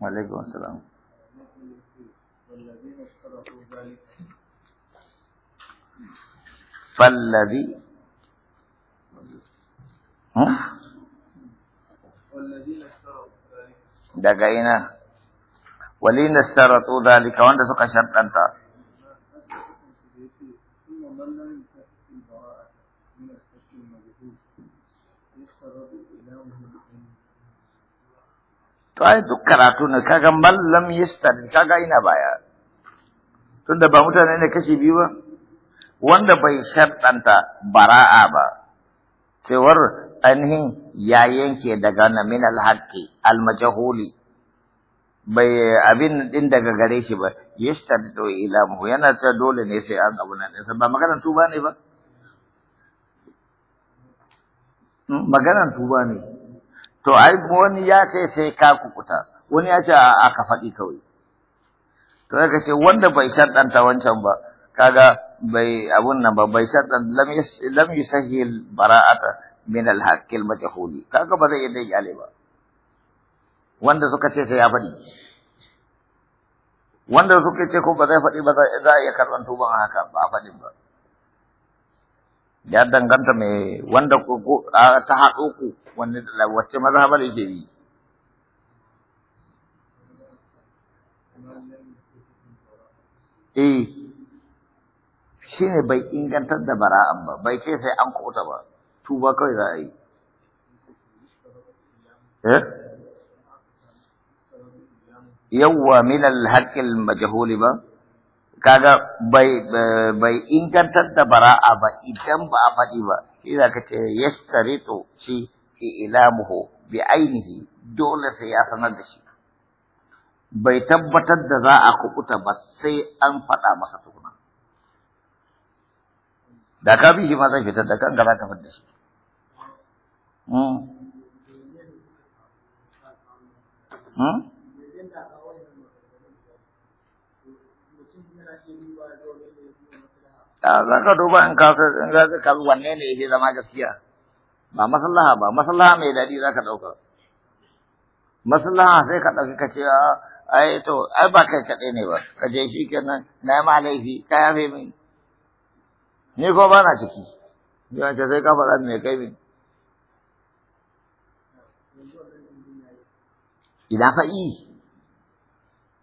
وعليكم السلام فالذي دقينا ولين اشترطوا ذلك وانت فقط شرط انت to ai duk karatu ne kaga mallam yastad kaga ina baya tunda ba mutane ne kashi biyu ba wanda bai sharɗanta bara'a ba cewar ainihin ya yanke daga na min alhaqi almajhuli bai abin din daga gare shi ba yastad to ilamu yana ta dole ne sai an abu nan ba maganar tuba ne ba hmm, maganar tuba ne To ai wani ya ce sai ka kukuta, wani ya ce a ka faɗi kawai. To ya ce wanda bai shaɗanta wancan ba, kaga bai abun nan ba bai shaɗan lam sahi bara'ata min al majahuli, kaga ba zai yi dai ba wanda suka ce sai ya faɗi wanda suka ce ko ba zai faɗi ba za a iya karɓar tuban haka ba a faɗin ba ya danganta me wanda ku ta haɗo ku da wacce mazhabar yake yi eh shine bai ingantar da bara'an ba bai ce sai an kuta ba tuba kawai za a yi eh yawwa min al-haqqi al-majhul ba kaga bai bai ingantar da bara'a ba idan ba a faɗi ba za ka ce yastarito shi ilamuhu bi ainihi dole sai ya sanar da shi bai tabbatar da za a kubuta ba sai an faɗa masa tukuna da ka bi shi ma zai fitar da kan ka fitar shi Hmm? hmm? za ka duba in ka in ka ka wanne ne yake zama gaskiya ba masallaha ba masallaha mai daɗi za ka ɗauka masallaha sai ka ɗauki ka ce ai to ai ba kai kaɗai ne ba ka je shi kenan na yi ma laifi ka yafe min ni ko ba na ciki yawan ce sai ka faɗa ne kai min idan fa yi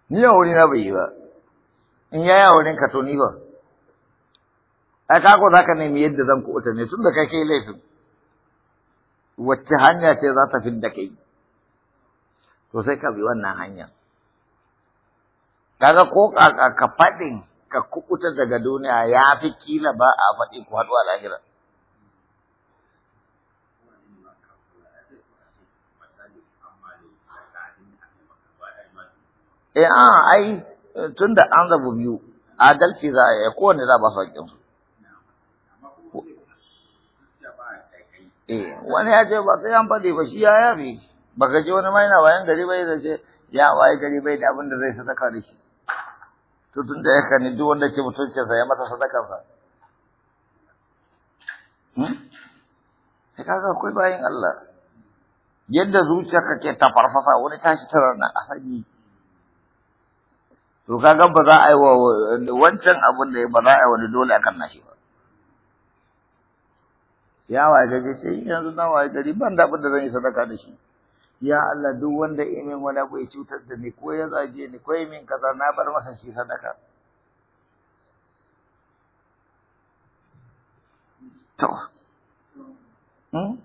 ni ya wuri na bai yi ba in yaya wurin ka to ni ba ai kago ko zaka nemi yadda zan kuɓuta ne tunda kai kai laifin wacce hanya ce za ta fidda kai to sai ka bi wannan hanya kaga ko ka fadin ka kuɓuta daga duniya ya fi kila ba a faɗi ku haɗu a lahira Eh a ai tunda an zabu biyu adalci za a yi kowane za a ba su haƙƙinsu Eh, wani ya ce ba sai an faɗi ba shi ya yafi baka ce wani ma yana bayan gari bai da ce ya waye gari bai da abin da zai sadaka da shi to tun da yaka ne duk wanda ke mutuncinsa ya masa sa hmm? sai kaga akwai bayin Allah yadda ka ke ta farfasa wani tashi rana a sani to kaga ba za a yi wa wancan abin da ba za a yi wani dole akan nashi ba ya waye gaje ce yanzu na waye dari ban da da zan yi sadaka da shi ya Allah duk wanda ya min wala abu ya cutar da ni ko ya zage ni ko ya min kaza na bar masa shi sadaka to hmm?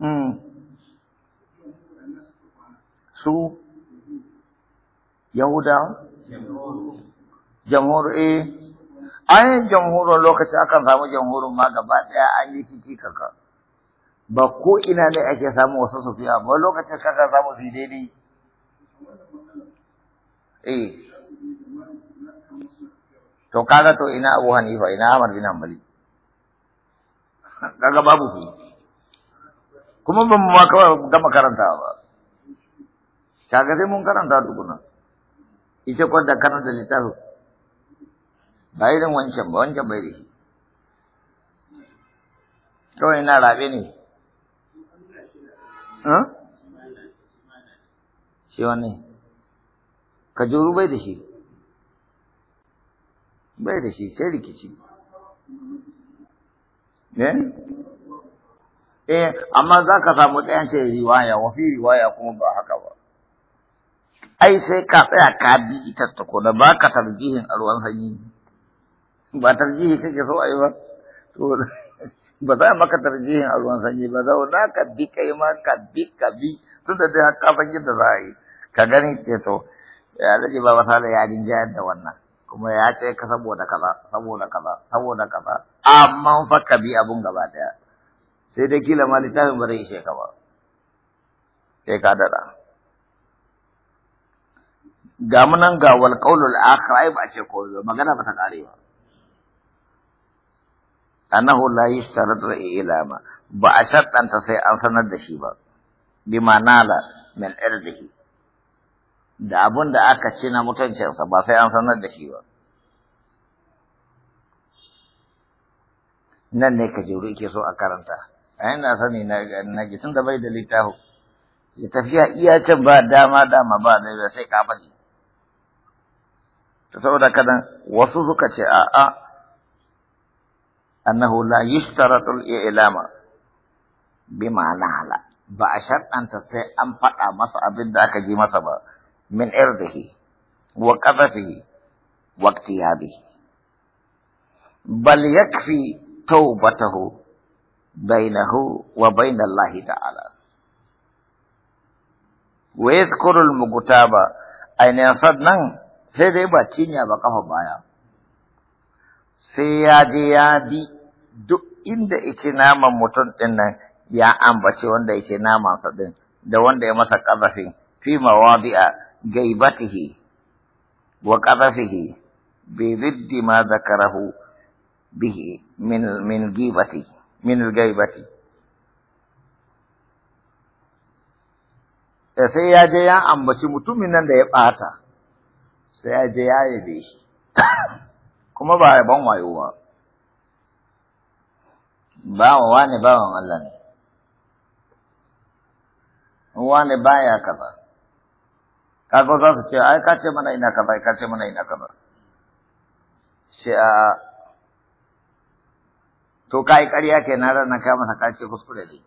Mm. Su Yahudawa? jamhur eh an jamhurin lokaci akan samu jamhurin ma gaba ɗaya an yi kiki kaka ba ko ina ne ake samu wasu sufiya ba lokacin kaka samu su daidai eh to kaga to ina Abu Hanifa ina Ahmad bin Hanbali kaga babu ku kuma ban ma ka gama karanta ba kaga sai mun karanta tukuna ita kwanta karanta littafin ba irin wancan ba wancan bai da shi kawai na rabe ne shi wani kajuru bai da shi bai da shi sai rikici ne eh amma za ka samu tsayan riwaya wafi riwaya kuma ba haka ba ai sai ka tsaya ka bi ita ba ka tarjihin a ba tarjihi kake so a yi ba to ba za maka tarjihin a ruwan sanyi ba za ka bi kai ma ka bi ka bi tun da dai ka san yadda za a yi ka gani ce to ya zaje ba wata da yarin jayar da wannan kuma ya ce ka saboda kaza saboda kaza saboda kaza amma fa ka bi abun gaba daya sai dai kila ma littafin ba zai ishe ka ba sai ka dada ga munan ga wal qaulul akhir ai ba ce ko magana ba ta kare ba annahu la ila ma. ba a shaddanta sai an sanar da shi ba na nala min irdihi da abun da aka ce na mutuncinsa ba sai an sanar da shi ba nan ne ka juri ke so a karanta a yana sani na gitin da bai da littafi ya tafiya iya can ba dama dama ba da sai ka faɗi ta saboda kadan wasu suka ce a'a أنه لا يشترط الإعلام بمعنى على بأشر أن تسي أن فتح مصعب ذاك جمتبا من إرضه وقفته واقتيابه بل يكفي توبته بينه وبين الله تعالى ويذكر المغتاب أين يصدنا سيدي باتشيني بقه بايا سيادي يادي duk inda yake naman mutum ɗin nan ya ambaci wanda yake namansa ɗin da wanda ya masa ƙazafi fi mawadi'a gaibatihi wa ƙazafihi bi riddi ma zakarahu bihi min min gibati min gaibati sai ya je ya ambaci mutumin nan da ya ɓata sai ya je ya yi shi kuma ba ban wayo ba bawa wane bawan Allah ne wane baya kaza kaga za su ce ai ka ce mana ina kaza ai ka ce mana ina kaza sai a to kai ƙarya ke na ranar ka masa ka ce kuskure ne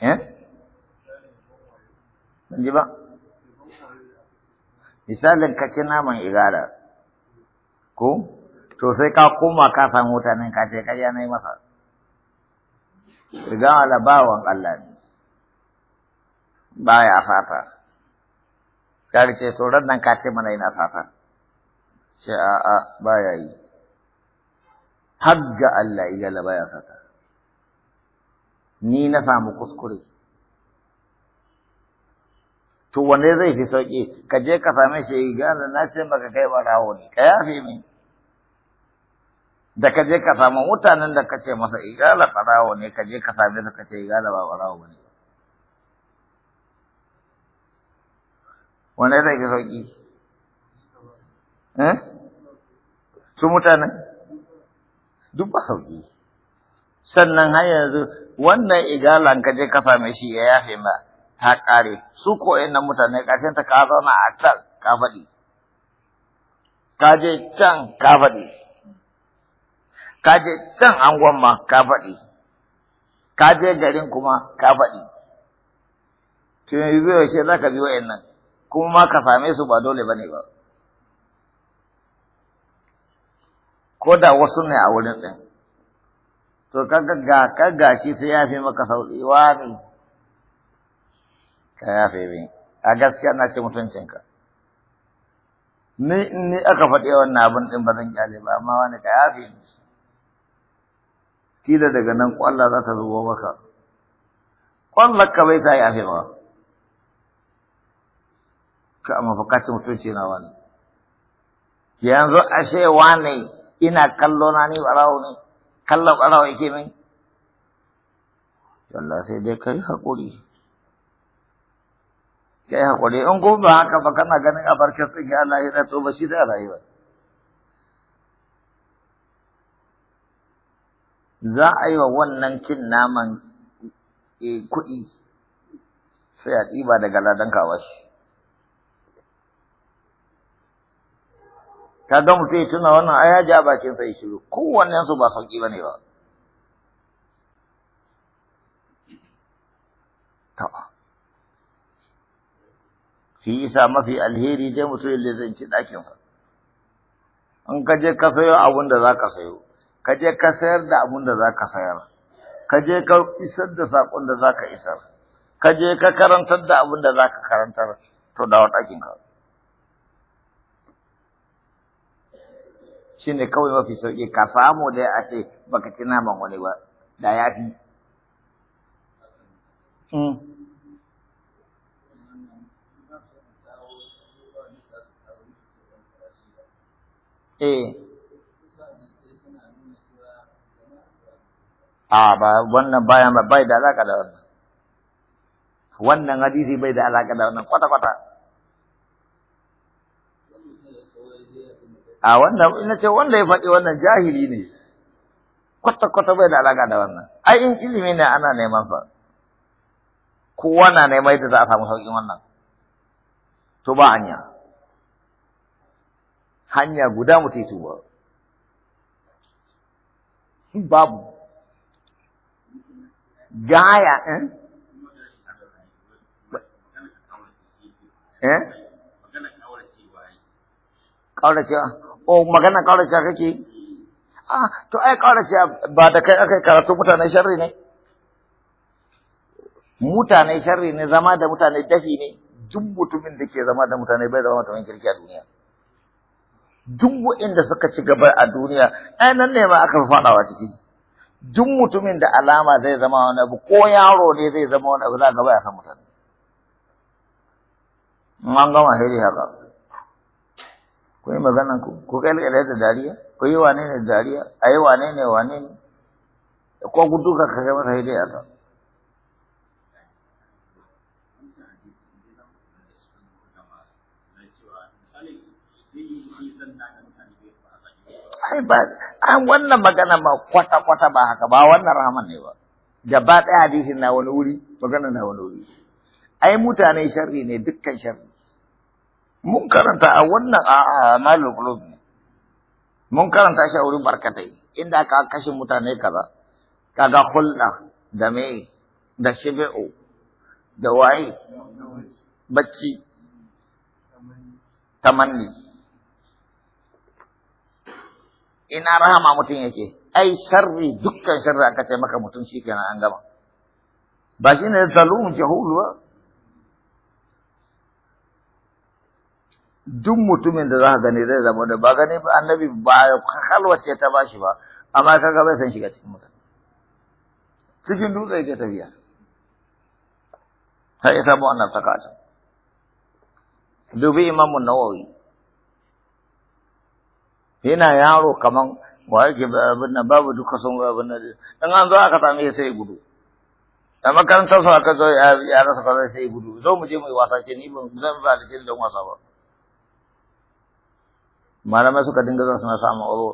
eh ji ba misalin ka ce naman igara ko to sai ka koma ka samu mutanen ka ce karya yana yi masa riga bawan Allah ne baya fata ka ce to ran nan ka ce mana ina fata ce a a baya yi hajja Allah ya la baya fata ni na samu kuskure to wanne zai fi sauki ka je ka same shi igala na ce maka kai ba rawo ne ka yafe min da ka je ka samu mutanen da ka ce masa igala ƙarawo ne ka je ka same su ka ce igala ba ɓarawo ba ne wanda zai fi sauƙi eh? su mutanen duk ba sauƙi sannan har yanzu wannan igalan ka je ka same shi ya yafe ma ta ƙare su yin nan mutane ƙarshen ta ka zauna a can ka faɗi ka je can ka faɗi ka je can angon ma ka faɗi ka garin kuma ka faɗi to yanzu yaushe za ka bi wayannan. kuma ma ka same su ba dole ba ne ba ko da wasu ne a wurin ɗin to kaga ga ka gashi sai ya fi maka wa wani ka ya fi min a gaskiya na ce mutuncinka ni in ni aka faɗi wannan abin ɗin ba zan kyale ba amma wani ka ya fi kila daga nan kwalla za ta zuwa maka kwallar ka bai ta yi afirwa ka amma fakacin mutunci na wani yanzu ashe wane ina kallo na ni barawo ne kallon barawo yake min Yalla sai dai ka yi haƙuri yi haƙuri in ko ba haka ba kana ganin a barkar tsinki Allah ya to ba shi da rayuwa za a yi wa wannan cin naman e, kuɗi sai a ɗiba daga ladan kawashi. Ta ga mutu ya tuna wannan aya, ji a bakin sai shiru, kowannen su ba sauƙi ba ne ba. Shi isa mafi alheri dai mutum ya lezanci ɗakinsa. In ka je ka sayo abin da za ka sayo, ka je ka sayar da abun da za ka sayar ka je ka isar da saƙon da za ka isar ka je ka karantar da abun da za ka karantar to da ɗakin ka shi ne kawai mafi sauƙi ka samu dai a ce baka ci naman wani ba da ya fi hmm. Eh. a ah, ba wannan bayan ba bai da alaka da wannan wannan hadisi bai da alaka da wannan kwata kwata a ah, wannan ina ce wanda ya faɗi wannan jahili ne kwata kwata bai da alaka da wannan ai in ilimi ne ana neman sa kowa na neman yadda za a samu sauƙin wannan to ba hanya hanya guda mutum tuba babu gaya eh eh cewa o magana kaura cewa kake ah to ai kaura cewa ba da kai akai karatu mutane sharri ne mutane sharri ne zama da mutane dafi ne duk mutumin da ke zama da mutane bai zama mutumin kirki a duniya duk inda suka ci gaba a duniya ai nan ne ma aka faɗawa ciki duk mutumin da alama zai zama wani abu ko yaro ne zai zama wani abu za ka baya san mutane an gama hiri haka ku yi maganan ku ku kai alƙalai da dariya ku yi wane ne dariya a yi wane ne wane ne ko ku duka ka kai masa hiri haka ai ba wannan magana ma kwata kwata ba haka ba wannan rahaman ne ba gaba ɗaya hadisin na wani wuri magana na wani wuri ai mutane sharri ne dukkan sharri mun karanta a wannan a malul qulub ne mun karanta shi a wurin barkatai inda aka kashe mutane kaza kaga hulɗa da me da shibi'u da waye bacci tamanni ina rahama mutum yake ai sharri dukkan sharri aka ce maka mutum shi kenan an gama ba shi ne zalum jahulu ba duk mutumin da za ka gani zai zama da ba gani ba annabi ba halwace ta bashi ba amma kaga bai san shiga cikin mutane cikin dutse ke tafiya har ya samu wannan sakata dubi imamun nawawi yana yaro kaman wa yake abin nan babu duka sun ga abin nan dan an zo aka same sai gudu a makarantar su aka zo ya ya rasa kaza sai gudu zo mu je mu wasa ke ni ban zan ba da shi don wasa ba malamai suka dinga zuwa suna samu oro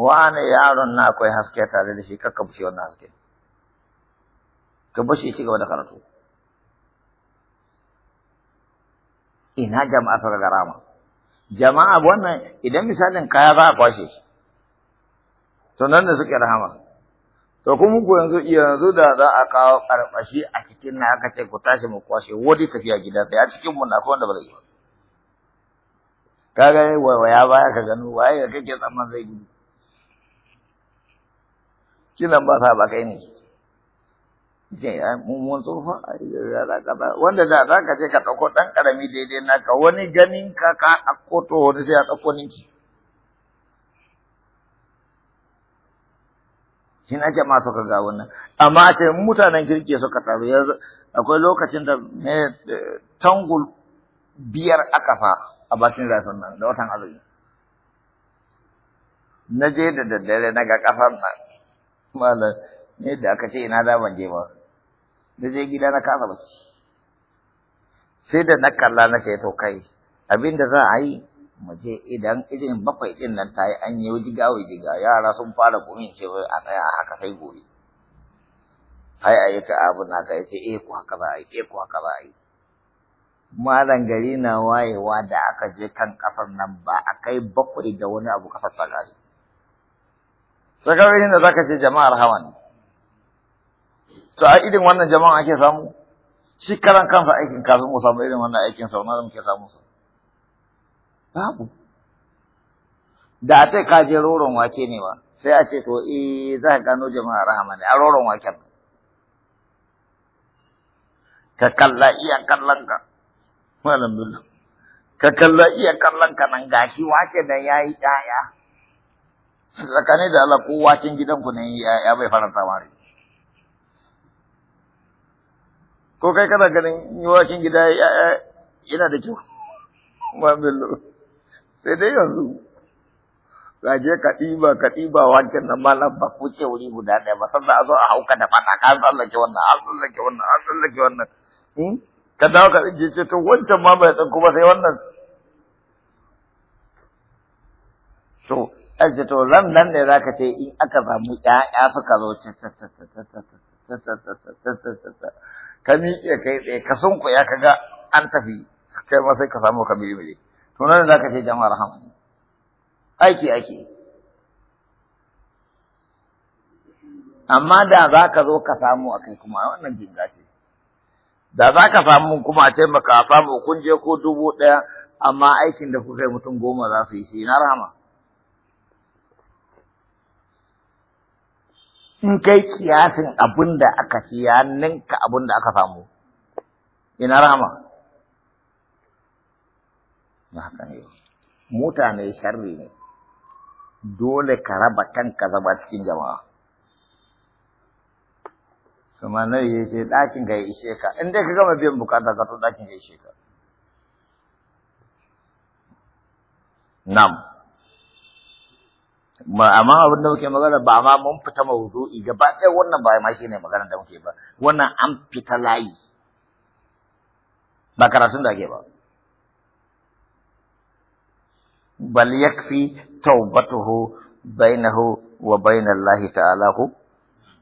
wane yaron na akwai haske tare da shi kakka bushe wannan haske ka bashi shi gaba da karatu ina jama'a ta garama jama'a wannan idan misalin kaya ba a kwashe shi to nan da suke rahama to kuma ku yanzu yanzu da za a kawo karbashi a cikin na aka ce ku tashi mu kwashe wodi tafiya gida sai a cikin mu na ko wanda ba zai yi kaga ya baya ka gano waye kake tsamman zai gudu kina ba sa ba kai ne mummuwan tsofa wanda da za ka je ka ɗauko ɗan ƙarami daidai naka wani ganin ka ka ɗauko to wani sai a ɗauko ninki. Shi na jama'a suka ga wannan. Amma a ce mutanen kirki suka taru ya akwai lokacin da ne eh, tangul biyar a fa a bakin rafin nan da watan azumi. Na je da daddare na ga ƙasar nan. Malam yadda aka ce ina za ban je ba da je gida na kasa bacci sai da na kalla na ce to kai abin da za a yi mu je idan irin bakwai din nan ta yi an yi wuji ga. yara sun fara gumin ce a tsaya haka sai gobe ai a yi ta abu na ka yace eh ku haka za a yi eh ku haka za a yi malam gari na wayewa da aka je kan kasar nan ba a kai bakwai da wani abu kasar ta gari. Sakawai da zaka ce jama'ar hawan to a irin wannan jama'a ake samu shi karan kansa aikin kafin mu samu irin wannan aikin sau na da muke samu su babu da a ka je roron wake ne ba sai a ce to eh za ka gano jama'a rahama ne a roron waken ka kalla iya kallon ka malam billu ka kalla iya kallon ka nan gashi wake da yayi daya tsakanin da Allah ko waken ku ne ya bai faranta mare ko kai kana ganin yawancin gida yana da kyau mamillo sai dai yanzu ka je ka ɗiba ka ɗiba wancan na malam ba ku ce wuri guda ɗaya ba sannan a zo a hauka da fata ka tsallake wannan an tsallake wannan an tsallake wannan ka dawo ka tsinke ce to wancan ma bai tsinko ba sai wannan so a ce to ran nan ne za ka ce in aka samu ƴaƴa suka zo ka miƙe kai tsaye ka sunkuya ka ga an tafi kai ma sai ka samu ka bilimili to nan za ka ce jama'a rahamani aiki aiki amma da za ka zo ka samu a kai kuma wannan jinga ce da za ka samu kuma a ce maka samu kun je ko dubu ɗaya amma aikin da kuka yi mutum goma za su yi shi na rahama in kai kiyasin abin da aka ci ninka abin da aka samu ina rama haka ne mutane sharri ne dole ka raba kanka zama cikin jama'a kuma nan ya ce ɗakin ka ya ishe ka in dai ka gama biyan bukata ka to ɗakin ka ishe ka nam amma abin da muke magana ba amma mun fita mawdu'i gaba ɗaya wannan ba ma shine magana da muke ba wannan an fita layi ba karatun da ake ba bal yakfi taubatuhu bainahu wa bainallahi ta'ala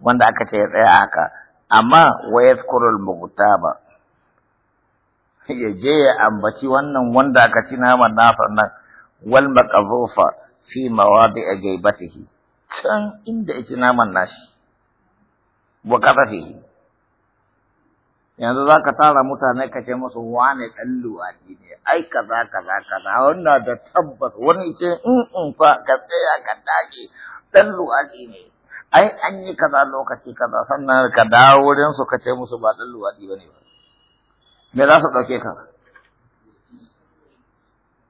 wanda aka ce ya tsaya haka amma wa yadhkurul mughtaba ya je ya ambaci wannan wanda aka ci nama nasa nan wal maqzufa fi mawadi'a jaibatihi can inda yake naman nashi wa kafafihi yanzu zaka tara mutane ka ce musu wane dan luwadi ne ai kaza kaza kaza wannan da tabbas wani ce in mm, in mm, fa ka tsaya ka dage dan luwadi ne ai an yi kaza lokaci kaza sannan ka dawo wurin su ka ce musu ba dan luwadi bane ba me za su dauke ka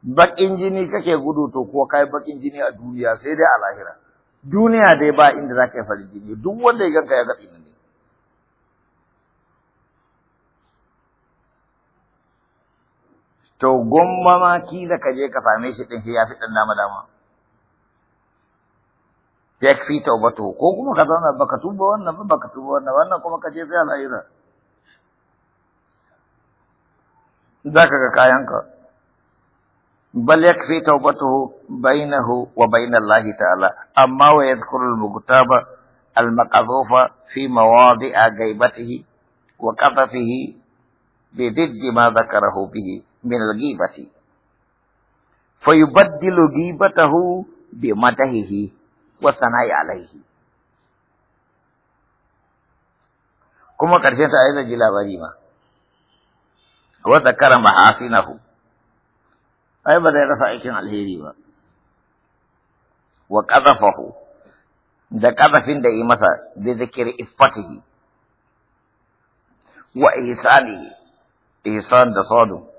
baƙin jini kake gudu to ko kai baƙin jini a duniya sai dai a lahira duniya dai ba inda za ka yi farin jini duk wanda ya ganka ya ga tsini ne to gomma ma da ka je ka same shi din ya fi dan dama dama yakfi tawbatu ko kuma ka zauna baka tuba wannan ba baka tuba wannan wannan kuma ka je sai a lahira za ka ga kayanka بل يكفي توبته بينه وبين الله تعالى أما ويذكر المغتاب المقذوف في مواضع غيبته وقذفه بضد ما ذكره به من الغيبة فيبدل غيبته بمدحه والثناء عليه كما كرشت ta ayyana ji محاسنه ai ba zai rasa aikin alheri ba wa qadhafahu da qadhafin da yi masa bi zikri iffatihi wa ihsani ihsan da sadu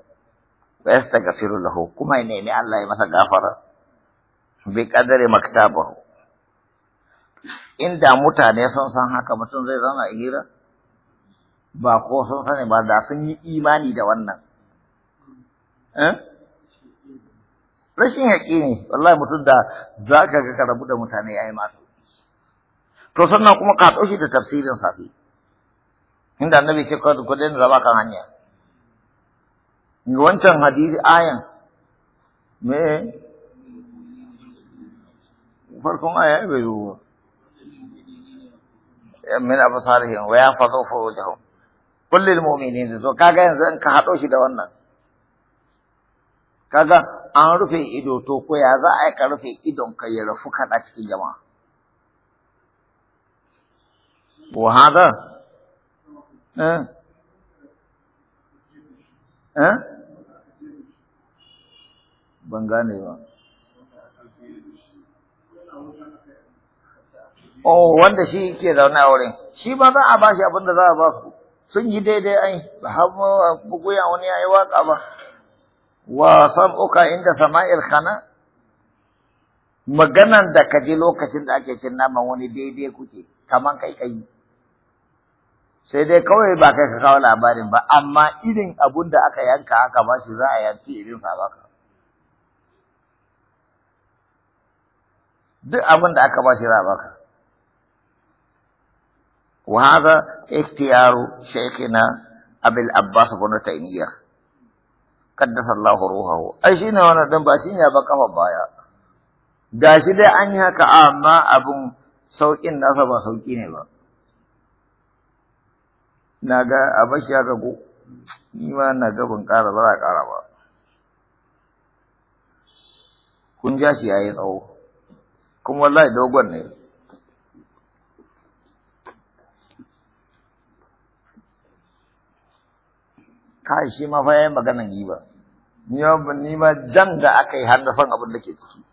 wa yastaghfiru lahu kuma ya nemi Allah ya masa gafara bi qadari maktabahu inda mutane sun san haka mutum zai zama hira ba ko sun sani ba da sun yi imani da wannan eh rashin yaƙi ne, wallahi mutum da za ka ga ka rabu da mutane ya yi masu to sannan kuma ka ɗauki da tafsirin safi inda annabi ce ku daina zama kan hanya wancan hadisi ayan me farkon aya bai zo min absarihim wa yahfazu furujahum kullil mu'minin to kaga yanzu in ka haɗo shi da wannan kaga an rufe ido to ko ya za a yi ka rufe idon ka ya rufu kaɗa cikin jama'a. Wa hada? Eh? Eh? Ban gane ba. Oh, wanda shi ke zaune a wurin, shi ba za a bashi abin da za a ba su, sun yi daidai ai, ba har wani ya yi waƙa ba. وسمعك inda Sama'il الخنا maganan da ka lokacin da ake cin naman wani daidai kuke kaman kai kai sai dai kawai ba kai ka kawo labarin ba amma irin abun da aka yanka aka ba shi za a yanki irin sa baka duk abunda da aka ba shi za a baka wa hada ikhtiyaru shaykhina abul abbas ibn taymiyah kaddasa Allah ruhahu ai shine wannan dan ba shine ba kafa baya gashi dai an yi haka amma abun saukin nasa ba sauki ne ba naga abashi haka ko ni ma na ga ban ƙara ba za ƙara ba kun ja shi yayi tsawo kuma wallahi dogon ne kashi mafayin ma fa maganan yi ba ni ba ni ba jan da aka yi har abin da ke ciki